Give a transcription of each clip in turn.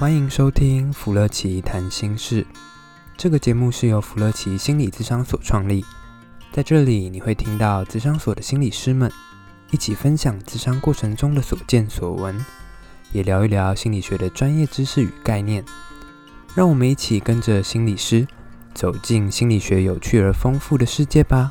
歡迎收聽弗樂奇談心事。這個節目是由弗樂奇心理諮商所創立，在這裡你會聽到諮商所的心理師們一起分享諮商過程中的所見所聞，也聊一聊心理學的專業知識與概念。讓我們一起跟着心理師走進心理學有趣而豐富的世界吧。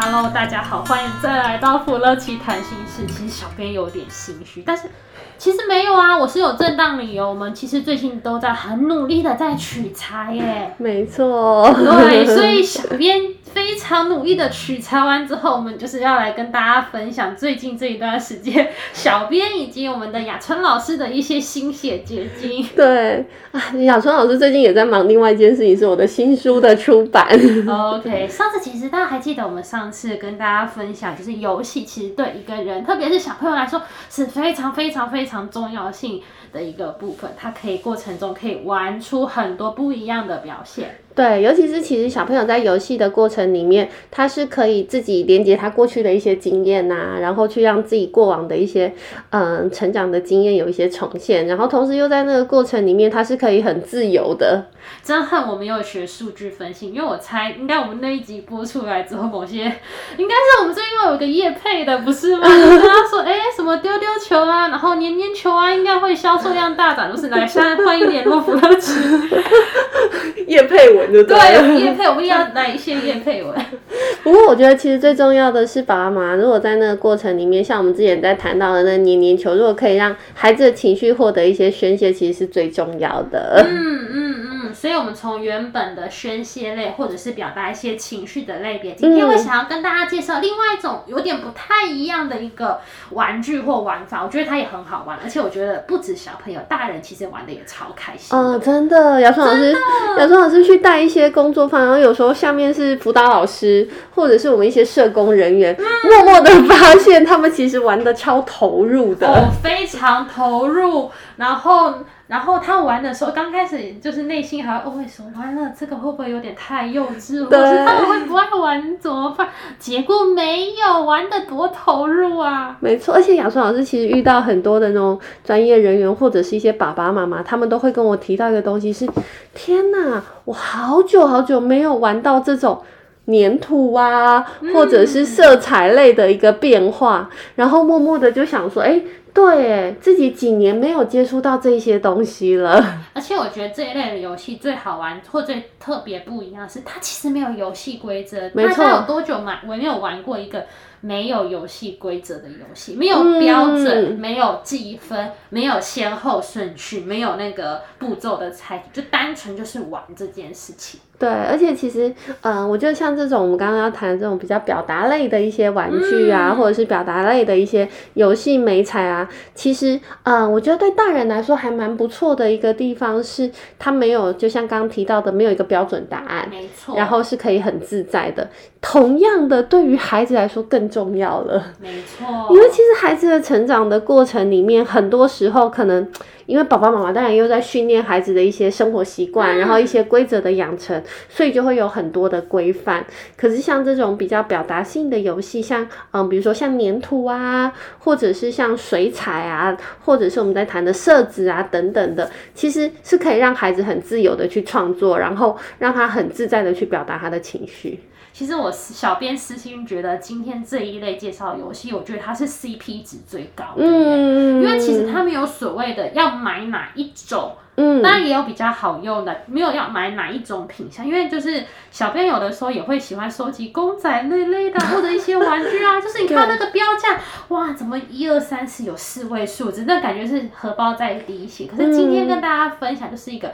哈嘍，大家好，歡迎再來到弗樂奇談心。其實小編有點心虛，但是其實沒有啊，我是有正當理由。我們其實最近都在很努力的在取材耶，沒錯，對，所以小編。非常努力的取材完之後，我們就是要來跟大家分享最近這一段時間，小編以及我們的雅春老師的一些心血結晶。對啊，雅春老師最近也在忙另外一件事情，是我的新書的出版。OK，上次其實大家還記得，我們上次跟大家分享，就是遊戲其實對一個人，特別是小朋友來說，是非常非常非常重要性。的一個部分，它可以過程中可以玩出很多不一樣的表現。對，尤其是其實小朋友在遊戲的過程裡面，他是可以自己連接他過去的一些經驗吶、啊，然後去讓自己過往的一些嗯成長的經驗有一些重現，然後同時又在那個過程裡面，他是可以很自由的。真恨我沒有學數據分析，因為我猜應該我們那一集播出來之後，某些應該是我們這近有個業配的，不是嗎？ 是他說哎、欸，什麼丟丟球啊，然後黏黏球啊，應該會消。數 量大漲，都是來，現在歡迎聯絡福樂琪，業 配，配，配文，對，業配我們要來一些業配文。不過我覺得其實最重要的是，爸爸媽媽如果在那個過程裡面，像我們之前在談到的那黏黏球，如果可以讓孩子的情緒獲得一些宣洩，其實是最重要的。嗯嗯。嗯所以，我們從原本的宣洩類，或者是表達一些情緒的類別，今天我想要跟大家介紹另外一種有點不太一樣的一個玩具或玩法。我覺得它也很好玩，而且我覺得不止小朋友，大人其實玩的也超開心。嗯，真的，姚松老師，真的？姚松老師去帶一些工作坊，然後有時候下面是輔導老師，或者是我們一些社工人員，嗯、默默的發現他們其實玩的超投入的，哦，非常投入，然後。然後他玩的時候，剛開始就是內心還哦，會、哎、說完了這個會不會有點太幼稚了？老師對他們會不愛玩怎麼辦？結果沒有玩得多投入啊！沒錯，而且雅川老師其實遇到很多的那種專業人員，或者是一些爸爸媽媽，他們都會跟我提到一個東西是：天哪，我好久好久沒有玩到這種粘土啊，或者是色彩類的一個變化。嗯、然後默默的就想說：哎。對，自己幾年沒有接觸到這些東西了，而且我覺得這一類的遊戲最好玩，或最特別不一樣是，它其實沒有遊戲規則。沒錯，有多久嘛？我也沒有玩過一個沒有遊戲規則的遊戲，沒有標準，嗯、沒有積分，沒有先後順序，沒有那個步驟的菜，就單純就是玩這件事情。對，而且其實，嗯，我覺得像這種我們剛剛要談的這種比較表達類的一些玩具啊，嗯、或者是表達類的一些遊戲媒材啊，其實，嗯，我覺得對大人來說還蠻不錯的一個地方是，他沒有就像剛剛提到的，沒有一個標準答案，沒錯，然後是可以很自在的。同樣的，對於孩子來說更重要了，沒錯，因為其實孩子的成長的過程裡面，很多時候可能。因為爸爸媽媽當然又在訓練孩子的一些生活習慣，然後一些規則的養成，所以就會有很多的規範。可是像這種比較表達性的遊戲，像嗯，比如說像黏土啊，或者是像水彩啊，或者是我們在談的色紙啊等等的，其實是可以讓孩子很自由的去創作，然後讓他很自在的去表達他的情緒。其實我小編私心覺得，今天這一類介紹遊戲，我覺得它是 CP 值最高的，因為其實它沒有所謂的要買哪一種，嗯，當然也有比較好用的，沒有要買哪一種品相，因為就是小編有的時候也會喜歡收集公仔類類的或者一些玩具啊，就是你看那個標價，哇，怎麼一二三四有四位數字，那感覺是荷包在滴血。可是今天跟大家分享就是一個。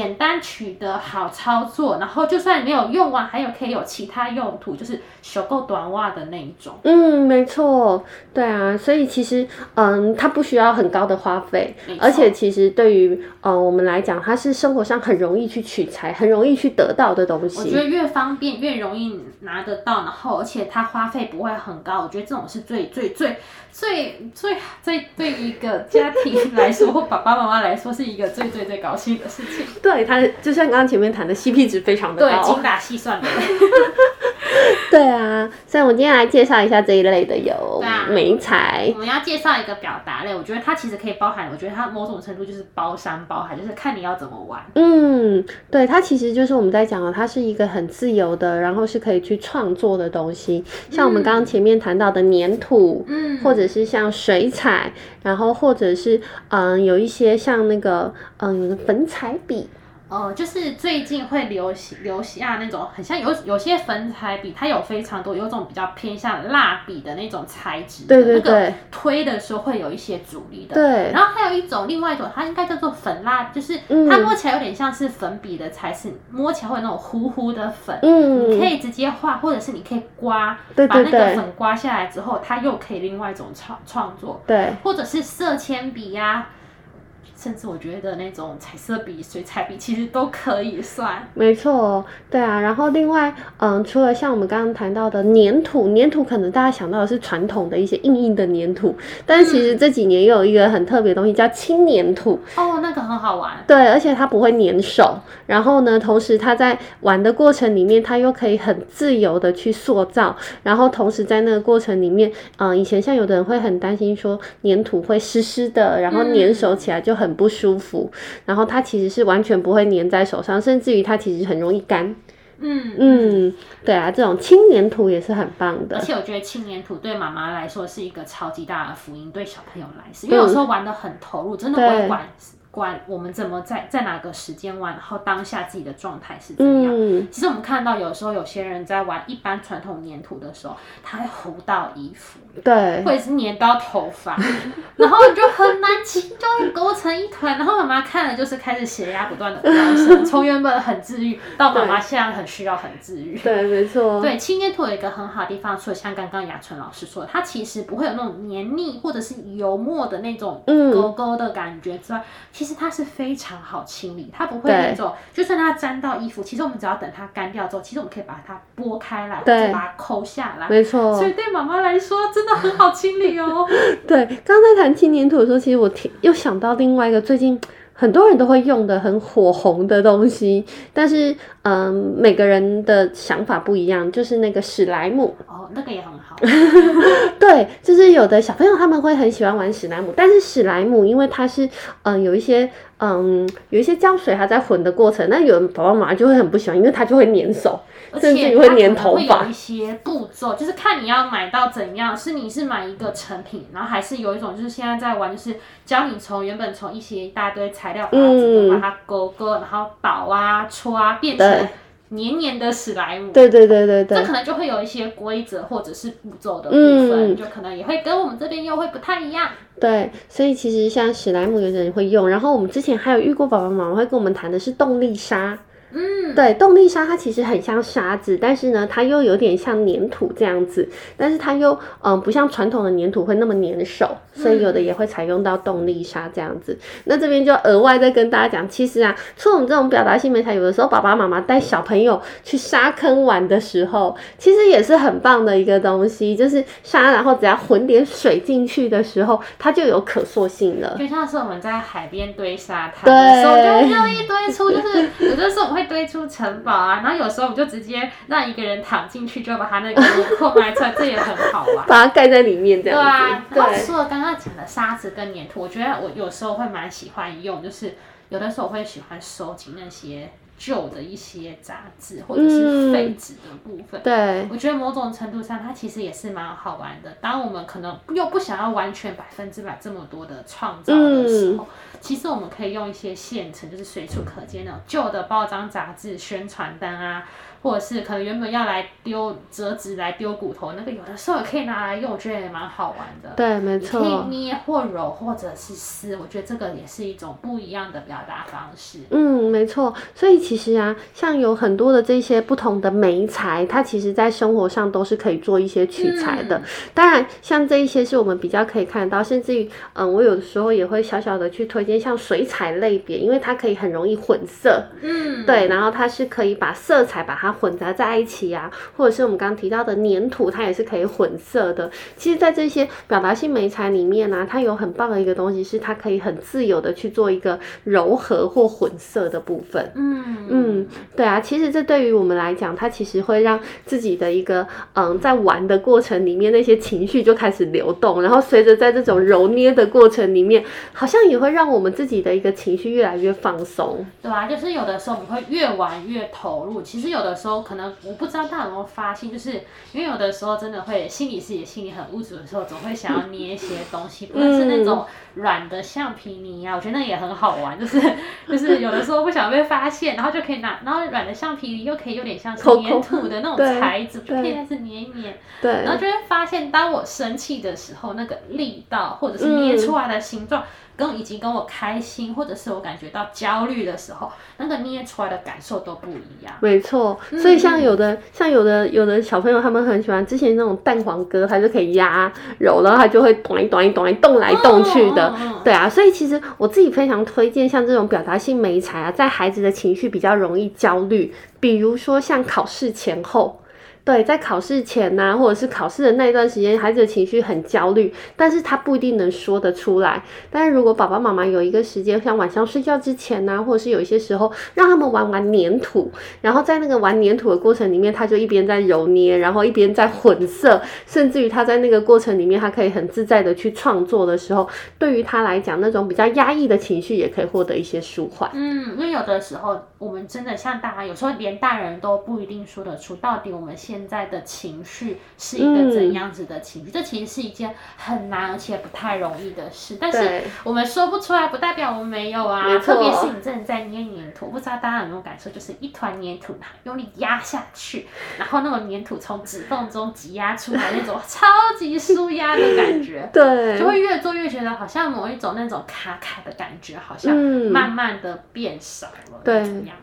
簡單取得好操作，然後就算沒有用完，還有可以有其他用途，就是收購短襪的那一種。嗯，沒錯，對啊，所以其實，嗯，它不需要很高的花費，而且其實對於呃我們來講，它是生活上很容易去取材，很容易去得到的東西。我覺得越方便越容易拿得到，然後而且它花費不會很高，我覺得這種是最最最最最最對一個家庭來說或爸爸媽媽來說是一個最最最高興的事情。對，它就像剛剛前面談的 CP 值非常的高，對，精打細算的。 對啊，所以我們今天來介紹一下這一類的有，對啊，美彩才。我們要介紹一個表達類，我覺得它其實可以包含，我覺得它某種程度就是包山包海，就是看你要怎麼玩。嗯，對，它其實就是我們在講的，它是一個很自由的，然後是可以去創作的東西。像我們剛剛前面談到的粘土，嗯，或者是像水彩，然後或者是嗯有一些像那個嗯有個粉彩筆。哦、呃，就是最近會流行流下啊，那種很像有有些粉彩筆，它有非常多，有種比較偏向蠟筆的那種材質，對對對，推的時候會有一些阻力的。對，然後還有一種，另外一種，它應該叫做粉蠟，就是它摸起來有點像是粉筆的材質，嗯、摸起來會有那種糊糊的粉，嗯，你可以直接畫，或者是你可以刮，對對對，把那個粉刮下來之後，它又可以另外一種創創作，對，或者是色鉛筆呀、啊。甚至我覺得那種彩色筆、水彩筆其實都可以算。沒錯、哦，對啊。然後另外，嗯，除了像我們剛剛談到的粘土，粘土可能大家想到的是傳統的一些硬硬的粘土，但其實這幾年又有一個很特別的東西叫輕粘土、嗯。哦，那個很好玩。對，而且它不會粘手。然後呢，同時它在玩的過程裡面，它又可以很自由的去塑造。然後同時在那個過程裡面，嗯，以前像有的人會很擔心說粘土會濕濕的，然後粘手起來就很。不舒服，然後它其實是完全不會粘在手上，甚至於它其實很容易乾。嗯嗯，對啊，這種輕粘土也是很棒的，而且我覺得輕粘土對媽媽來說是一個超級大的福音，對小朋友來說，因為有時候玩得很投入，真的不會管，管我們怎麼在在哪個時間玩，然後當下自己的狀態是怎樣。樣、嗯。其實我們看到有時候有些人在玩一般傳統黏土的時候，他會糊到衣服，對，或者是黏到頭髮， 然後你就很難清，就會勾成一團。 然後媽媽看了就是開始血壓不斷的飆升， 從原本很治癒到媽媽現在很需要很治癒，對。對，沒錯。對，輕黏土有一個很好的地方，除了像剛剛雅純老師說的，它其實不會有那種黏膩或者是油墨的那種勾勾的感覺、嗯、之外。其實它是非常好清理，它不會那種，對就算它沾到衣服，其實我們只要等它乾掉之後，其實我們可以把它剝開來，對再把它摳下來。沒錯。所以對媽媽來說，真的很好清理哦。 對，剛才談輕黏土的時候，其實我挺，又想到另外一個最近。很多人都會用的很火紅的東西，但是嗯，每個人的想法不一樣，就是那個史萊姆哦，那個也很好。 對，就是有的小朋友他們會很喜歡玩史萊姆，但是史萊姆因為它是嗯有一些嗯有一些膠水，還在混的過程，那有的寶寶媽就會很不喜歡，因為它就會粘手，且甚至於會粘頭髮。會有一些步驟，就是看你要買到怎樣，是你是買一個成品，然後還是有一種就是現在在玩，就是教你從原本從一些一大堆菜材料，啊，嗯、這個，把它勾勾，然後搗啊搓啊，變成黏黏的史萊姆。對對對對對，對，這可能就會有一些規則或者是步驟的部分，嗯、就可能也會跟我們這邊又會不太一樣。對，所以其實像史萊姆有的人會用，然後我們之前還有遇過寶寶媽會跟我們談的是動力沙。對，動力沙它其實很像沙子，但是呢，它又有點像粘土，這樣子，但是它又嗯、呃、不像傳統的粘土會那麼粘手，所以有的也會採用到動力沙這樣子。嗯、那這邊就額外再跟大家講，其實啊，除了我們這種表達性媒材，有的時候爸爸媽媽帶小朋友去沙坑玩的時候，其實也是很棒的一個東西，就是沙，然後只要混點水進去的時候，它就有可塑性了，就像是我們在海邊堆沙灘，對，就那樣一堆出，就是 有的時候會堆出。城堡啊，然後有時候我們就直接讓一個人躺進去，就把他那個輪廓畫出來， 這也很好玩。把它蓋在裡面，這樣。對啊，對。除了剛剛講的沙子跟粘土，我覺得我有時候會蠻喜歡用，就是有的時候我會喜歡收集那些。舊的一些雜誌或者是廢紙的部分，對我覺得某種程度上，它其實也是蠻好玩的。當我們可能又不想要完全百分之百這麼多的創造的時候，其實我們可以用一些現成，就是隨處可見那種舊的報章、雜誌、宣傳單啊。或者是可能原本要來丟折紙來丟骨頭那個，有的時候也可以拿來用，我覺得也蠻好玩的。對，沒錯。捏捏或揉或者是撕，我覺得這個也是一種不一樣的表達方式。嗯，沒錯。所以其實啊，像有很多的這些不同的媒材，它其實在生活上都是可以做一些取材的。當然、嗯，像這一些是我們比較可以看到，甚至於嗯，我有的時候也會小小的去推薦，像水彩類別，因為它可以很容易混色。嗯。對，然後它是可以把色彩把它，混雜在一起呀、啊，或者是我們剛剛提到的粘土，它也是可以混色的。其實，在這些表達性媒材裡面呢、啊，它有很棒的一個東西，是它可以很自由的去做一個揉合或混色的部分。嗯嗯，對啊，其實這對於我們來講，它其實會讓自己的一個嗯，在玩的過程裡面，那些情緒就開始流動，然後隨着在這種揉捏的過程裡面，好像也會讓我們自己的一個情緒越來越放鬆，對吧、啊？就是有的時候我們會越玩越投入，其實有的時候。時候可能我不知道大家有沒有發現，就是因為有的時候真的會心理師，也心裡很無助的時候，總會想要捏一些東西，不論是那種軟的橡皮泥啊，嗯，我覺得那也很好玩，就是就是有的時候不想被發現，然後就可以拿，然後軟的橡皮泥又可以有點像是粘土的那種材質，可以開始捏一捏。對，黏一黏，對，然後就會發現，當我生氣的時候，那個力道或者是捏出來的形狀。嗯跟已經跟我開心，或者是我感覺到焦慮的時候，那個捏出來的感受都不一樣。沒錯，所以像有的、嗯、像有的有的小朋友，他們很喜歡之前那種蛋黃哥，他就可以壓揉，然後他就會咚一咚一咚一動來動去的。嗯嗯嗯對啊，所以其實我自己非常推薦像這種表達性媒材啊，在孩子的情緒比較容易焦慮，比如說像考試前後。對，在考試前呢、啊，或者是考試的那段時間，孩子的情緒很焦慮，但是他不一定能說得出來。但是如果爸爸媽媽有一個時間，像晚上睡覺之前呢、啊，或者是有一些時候，讓他們玩玩粘土，然後在那個玩粘土的過程裡面，他就一邊在揉捏，然後一邊在混色，甚至於他在那個過程裡面，他可以很自在的去創作的時候，對於他來講，那種比較壓抑的情緒也可以獲得一些舒緩。嗯，因為有的時候，我們真的像大家，有時候連大人都不一定說得出到底我們現在現在的情緒是一個怎樣子的情緒？嗯、這其實是一件很難而且不太容易的事。嗯、但是我們說不出來，不代表我們沒有啊。沒錯。特別是你真的在捏黏土，不知道大家有沒有感受？就是一團黏土，用力壓下去，然後那種黏土從指縫中擠壓出來，那種超級舒壓的感覺。 對，就會越做越覺得好像某一種那種卡卡的感覺，好像慢慢的變少了。嗯、對，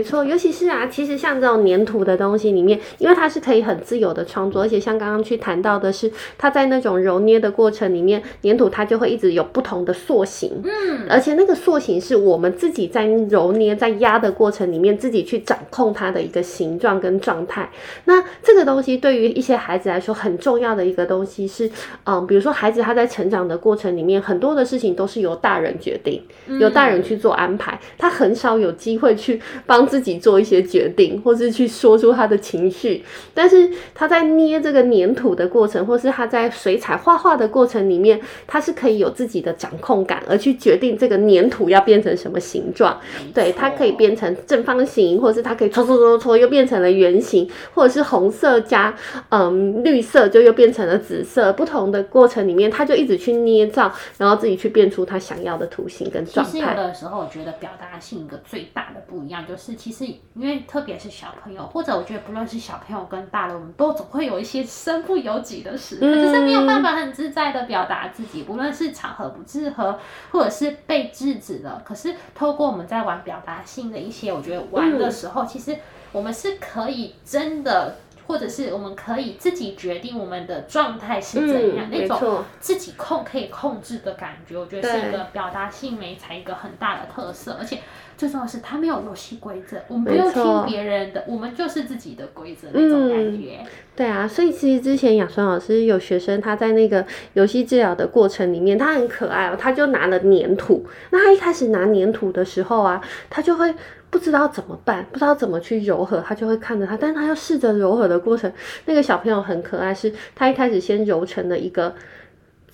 沒錯，尤其是啊，嗯、其實像這種粘土的東西裡面，因為它。是可以很自由的創作，而且像剛剛去談到的是，它在那種揉捏的過程裡面，粘土它就會一直有不同的塑形，嗯，而且那個塑形是我們自己在揉捏、在壓的過程裡面自己去掌控它的一個形狀跟狀態。那這個東西對於一些孩子來說很重要的一個東西是，嗯、呃，比如說孩子他在成長的過程裡面，很多的事情都是由大人決定，由大人去做安排，嗯、他很少有機會去幫自己做一些決定，或是去說出他的情緒。但是他在捏這個粘土的過程，或是他在水彩畫畫的過程裡面，他是可以有自己的掌控感，而去決定這個粘土要變成什麼形狀。哦、對，它可以變成正方形，或者是它可以搓搓搓搓又變成了圓形，或者是紅色加嗯、呃、綠色就又變成了紫色。不同的過程裡面，他就一直去捏造，然後自己去變出他想要的圖形跟狀態。其實有的時候，我覺得表達性一個最大的不一樣，就是其實因為特別是小朋友，或者我覺得不論是小朋友跟大人，我們都總會有一些身不由己的事，可是，是沒有辦法很自在的表達自己，嗯、不論是場合不適合，或者是被制止了。可是透過我們在玩表達性的一些，我覺得玩的時候，嗯、其實我們是可以真的。或者是我們可以自己決定我們的狀態是怎樣，嗯、那種自己控可以控制的感覺，對我覺得是一個表達性媒材一個很大的特色，而且最重要的是它沒有遊戲規則，我們不用聽別人的，錯我們就是自己的規則那種感覺。嗯、對啊，所以其實之前雅酸老師有學生，他在那個遊戲治療的過程裡面，他很可愛哦，他就拿了黏土。那他一開始拿黏土的時候啊，他就會。不知道怎麼辦，不知道怎麼去柔和，他就會看着他，但是他要試着柔和的過程。那個小朋友很可愛，是他一開始先揉成了一個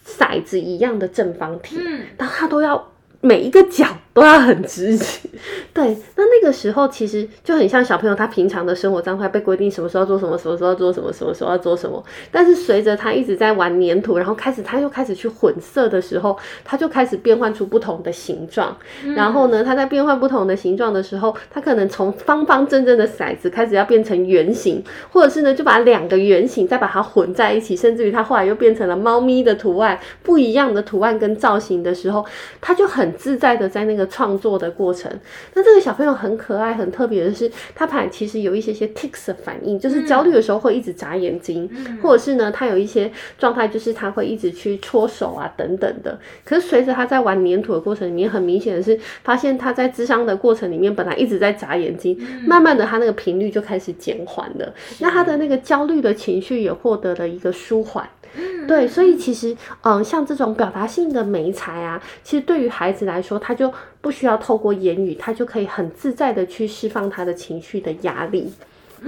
骰子一樣的正方體，嗯，然後他都要每一個角。都要很直接， 對，那那個時候其實就很像小朋友，他平常的生活狀態被規定什麼時候要做什麼，什麼時候要做什麼，什麼時候要做什麼。但是隨着他一直在玩粘土，然後開始他又開始去混色的時候，他就開始變換出不同的形狀。然後呢，他在變換不同的形狀的時候，他可能從方方正正的骰子開始要變成圓形，或者是呢就把兩個圓形再把它混在一起，甚至於他後來又變成了貓咪的圖案，不一樣的圖案跟造型的時候，他就很自在的在那個。創作的過程，那這個小朋友很可愛，很特別的是，他本來其實有一些些 tics 的反應，就是焦慮的時候會一直眨眼睛，嗯、或者是呢，他有一些狀態，就是他會一直去搓手啊等等的。可是隨着他在玩粘土的過程裡面，很明顯的是發現他在諮商的過程裡面，本來一直在眨眼睛，嗯、慢慢的他那個頻率就開始減緩了，是那他的那個焦慮的情緒也獲得了一個舒緩。對，所以其實嗯，像這種表達性的媒材啊，其實對於孩子來說，他就不需要透過言語，他就可以很自在的去釋放他的情緒的壓力，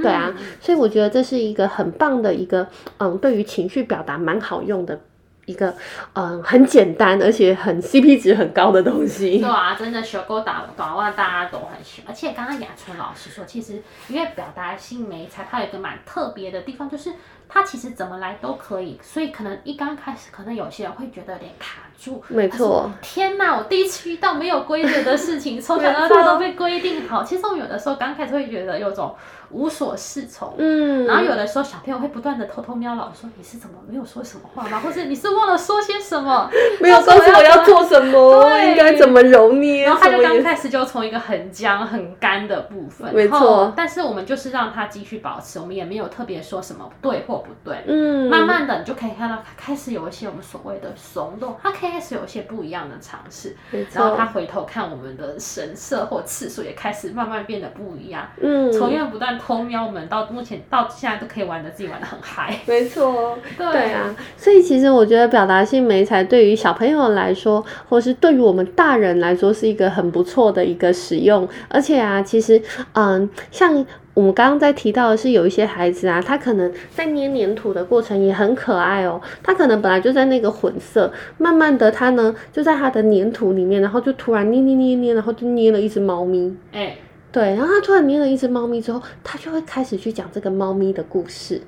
對啊，嗯、所以我覺得這是一個很棒的一個，嗯，對於情緒表達蠻好用的一個，嗯，很簡單而且很 CP 值很高的東西。對啊，真的學過打打望大家都很喜歡。而且剛剛雅春老師說，其實因為表達性媒材，它有一個蠻特別的地方，就是它其實怎麼來都可以，所以可能一剛開始，可能有些人會覺得有點卡。就沒錯錯，天哪！我第一次遇到沒有規則的事情，從 小到大都被規定好。其實我們有的時候剛開始會覺得有種無所適從，嗯。然後有的時候小朋友會不斷的偷偷瞄老師，說你是怎麼沒有說什麼話嗎？或是你是忘了說些什麼？沒有告訴我要做什麼，對應該怎麼揉捏？嗯、然後他就剛開始就從一個很僵很乾的部分，沒錯錯。但是我們就是讓他繼續保持，我們也沒有特別說什麼對或不對，嗯。慢慢的，你就可以看到他開始有一些我們所謂的鬆動，他可以。開始、欸、有一些不一樣的嘗試，錯然後他回頭看我們的神色或次數，也開始慢慢變得不一樣。嗯，從原來不斷偷瞄我們到目前到現在都可以玩得自己玩得很嗨錯。沒錯對，對啊，所以其實我覺得表達性媒材對於小朋友來說，或是對於我們大人來說是一個很不錯的一個使用。而且啊，其實嗯，像。我們剛剛在提到的是，有一些孩子啊，他可能在捏黏土的過程也很可愛哦。他可能本來就在那個混色，慢慢的他呢就在他的黏土裡面，然後就突然捏捏捏捏，然後就捏了一隻貓咪。哎、欸，對，然後他突然捏了一隻貓咪之後，他就會開始去講這個貓咪的故事。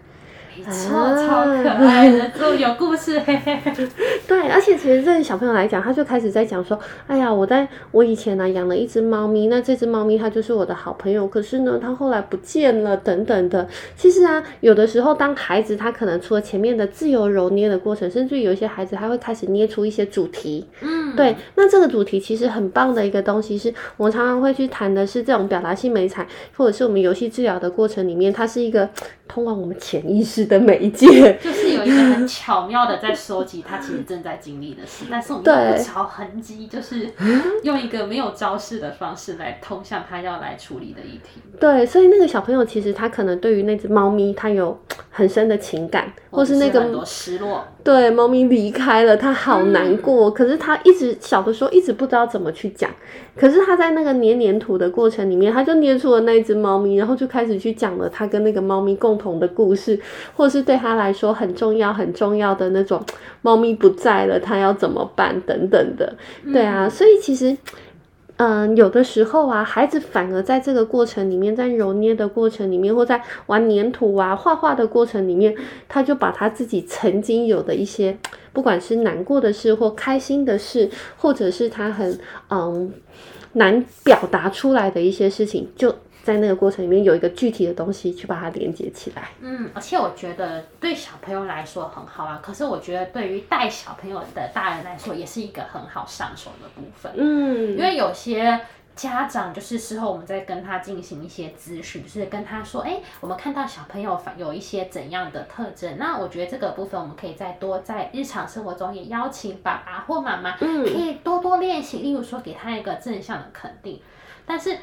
超超可愛的，都、哎、呀有故事，欸，嘿嘿。對，而且其實這小朋友來講，他就開始在講說：“哎呀，我在我以前呢，啊、養了一只貓咪，那這只貓咪它就是我的好朋友。可是呢，它後來不見了，等等的。其實啊，有的時候當孩子他可能除了前面的自由揉捏的過程，甚至於有一些孩子他會開始捏出一些主題。嗯，對。那這個主題其實很棒的一個東西是，是我們常常會去談的是這種表達性媒材，或者是我們遊戲治療的過程裡面，它是一個通往我們潛意識。的每一件，就是有一個很巧妙的在收集他其實正在經歷的事， 但是我們一些小痕跡，就是用一個沒有招式的方式來通向他要來處理的議題。對，所以那個小朋友其實他可能對於那只貓咪，他有很深的情感，或是那個很多失落。對，貓咪離開了，它好難過。可是它一直小的時候一直不知道怎麼去講。可是它在那個捏黏土的過程裡面，它就捏出了那隻貓咪，然後就開始去講了它跟那個貓咪共同的故事，或是對它來說很重要、很重要的那種。貓咪不在了，它要怎麼辦？等等的，對啊，所以其實。嗯，有的時候啊，孩子反而在這個過程裡面，在揉捏的過程裡面，或在玩粘土啊、畫畫的過程裡面，他就把他自己曾經有的一些，不管是難過的事，或開心的事，或者是他很嗯難表達出來的一些事情，就。在那個過程裡面有一個具體的東西去把它連接起來。嗯，而且我覺得對小朋友來說很好啊。可是我覺得對於帶小朋友的大人來說也是一個很好上手的部分。嗯，因為有些家長就是事後我們再跟他進行一些諮詢，就是跟他說：“哎，我們看到小朋友有一些怎樣的特徵？”那我覺得這個部分我們可以再多在日常生活中也邀請爸爸或媽媽，嗯，可以多多練習。嗯、例如說，給他一個正向的肯定，但是。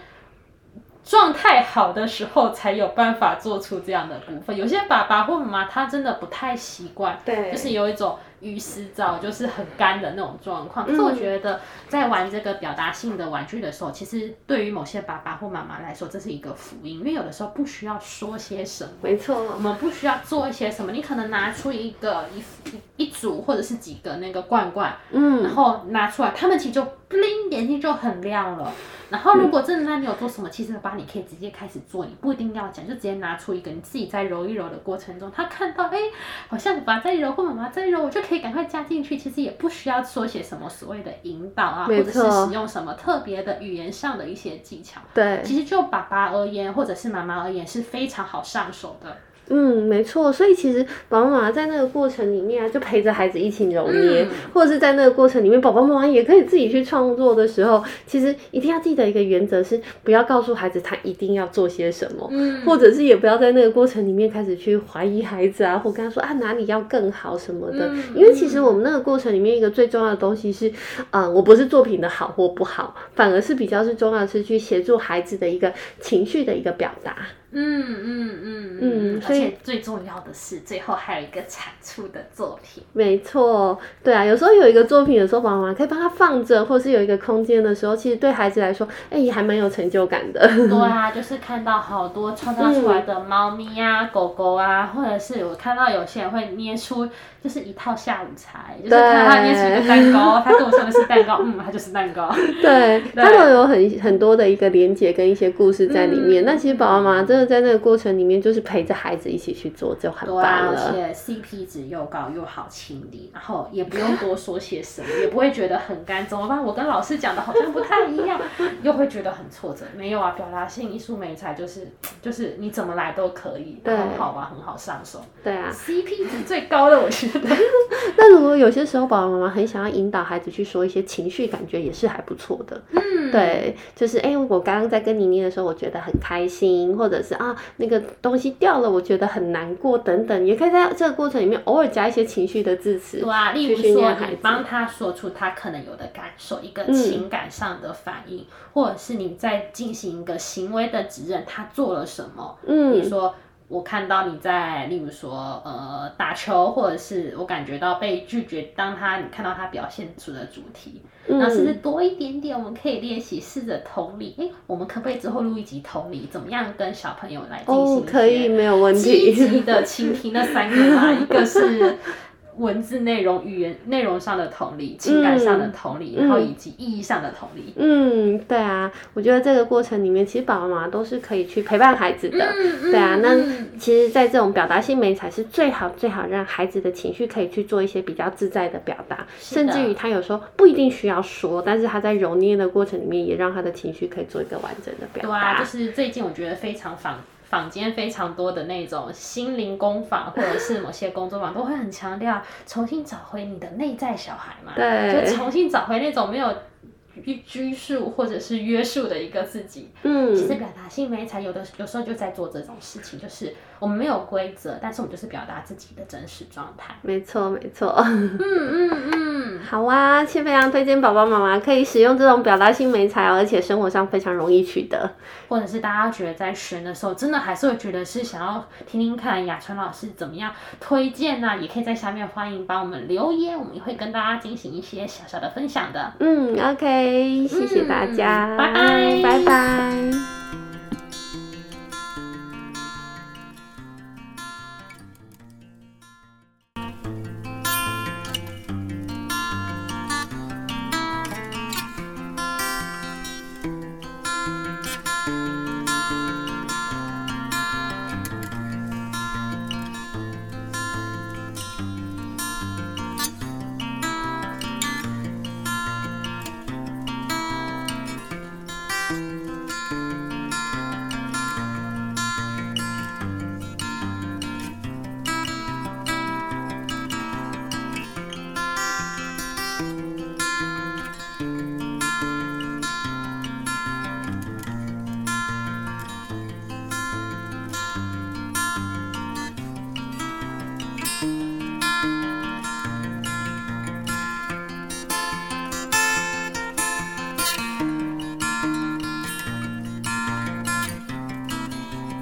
狀態好的時候才有辦法做出這樣的部分。有些爸爸或媽媽，他真的不太習慣，對就是有一種。魚濕糟就是很乾的那種狀況。可是、嗯、我覺得，在玩這個表達性的玩具的時候，嗯、其實對於某些爸爸或媽媽來說，這是一個福音，因為有的時候不需要說些什麼。沒錯錯。我們不需要做一些什麼，嗯、你可能拿出一個一一,一組或者是幾個那個罐罐，嗯、然後拿出來，他們其實就 bling，眼睛就很亮了。然後如果真的那你有做什麼，嗯、其實爸，爸你可以直接開始做，你不一定要講，就直接拿出一個你自己在揉一揉的過程中，他看到哎、欸，好像爸爸在揉或媽媽在揉，我就。可以趕快加進去，其實也不需要說些什麼所謂的引導啊，沒錯，或者是使用什麼特別的語言上的一些技巧。對，其實就爸爸而言，或者是媽媽而言，是非常好上手的。嗯，沒錯，所以其實爸爸媽媽在那個過程裡面啊，就陪着孩子一起揉捏，嗯、或者是在那個過程裡面，爸爸媽媽也可以自己去創作的時候，其實一定要記得一個原則是，不要告訴孩子他一定要做些什麼，嗯、或者是也不要在那個過程裡面開始去懷疑孩子啊，或跟他說啊哪裡要更好什麼的，嗯、因為其實我們那個過程裡面一個最重要的東西是，嗯、呃，我不是作品的好或不好，反而是比較是重要的是去協助孩子的一個情緒的一個表達。嗯嗯嗯嗯，嗯嗯嗯而且最重要的是，所以最後還有一個產出的作品。沒錯，對啊，有時候有一個作品的時候，寶寶媽可以把它放着，或者是有一個空間的時候，其實對孩子來說，哎、欸，也還蠻有成就感的。對啊，就是看到好多創造出來的貓咪啊、嗯、狗狗啊，或者是我看到有些人會捏出，就是一套下午茶、欸，對就是看到他捏出一個蛋糕， 他跟我說的是蛋糕，嗯，他就是蛋糕。對，他都對有很很多的一個連結跟一些故事在裡面。嗯、那其實寶寶媽這。那在那個過程裡面，就是陪着孩子一起去做就很棒了。對啊，而且 CP 值又高又好清理，然後也不用多說些什麼， 也不會覺得很乾。怎麼辦？我跟老師講的好像不太一樣， 又會覺得很挫折。沒有啊，表達性藝術媒材就是就是你怎麼來都可以，對很好玩，很好上手。對啊，CP 值最高的我覺得。 那如果有些時候，爸爸媽媽很想要引導孩子去說一些情緒感覺也是還不錯的。嗯，對，就是哎、欸，我剛剛在跟妮妮的時候，我覺得很開心，或者是啊，那個東西掉了，我覺得很難過，等等，也可以在這個過程裡面偶爾加一些情緒的字詞，對、啊，例如說你幫他說出他可能有的感受，一個情感上的反應，嗯、或者是你在進行一個行為的指認，他做了什麼？嗯，你說。我看到你在，例如說，呃，打球，或者是我感覺到被拒絕，當他你看到他表現出的主題，嗯，那是不是多一點點？我們可以練習試着同理，哎，我們可不可以之後錄一集同理，怎麼樣跟小朋友來進行一些，哦？可以，沒有問題。積極的傾聽那三個嘛， 一個是。文字內容、語言內容上的同理，情感上的同理，嗯、然後以及意義上的同理。嗯，對啊，我覺得這個過程裡面，其實爸爸媽媽都是可以去陪伴孩子的。嗯嗯、對啊，那其實，在這種表達性媒材是最好，最好讓孩子的情緒可以去做一些比較自在的表達，的甚至於他有時候不一定需要說，但是他在揉捏的過程裡面，也讓他的情緒可以做一個完整的表達。對啊，就是最近我覺得非常反。坊間非常多的那種心靈工坊，或者是某些工作坊，都會很強調重新找回你的內在小孩嘛，對就重新找回那種沒有拘束或者是約束的一個自己。嗯，其實表達性媒材有的，有時候就在做這種事情，就是。我們沒有規則，但是我們就是表達自己的真實狀態。沒錯，沒錯、 嗯。嗯嗯嗯，好啊。先非常推薦寶寶媽媽可以使用這種表達性媒材，而且生活上非常容易取得。或者是大家覺得在選的時候，真的還是會覺得是想要聽聽看雅川老師怎麼樣推薦呢？啊，也可以在下面歡迎幫我們留言，我們也會跟大家進行一些小小的分享的。嗯，OK，謝謝大家，拜拜，嗯，拜拜。拜拜拜拜。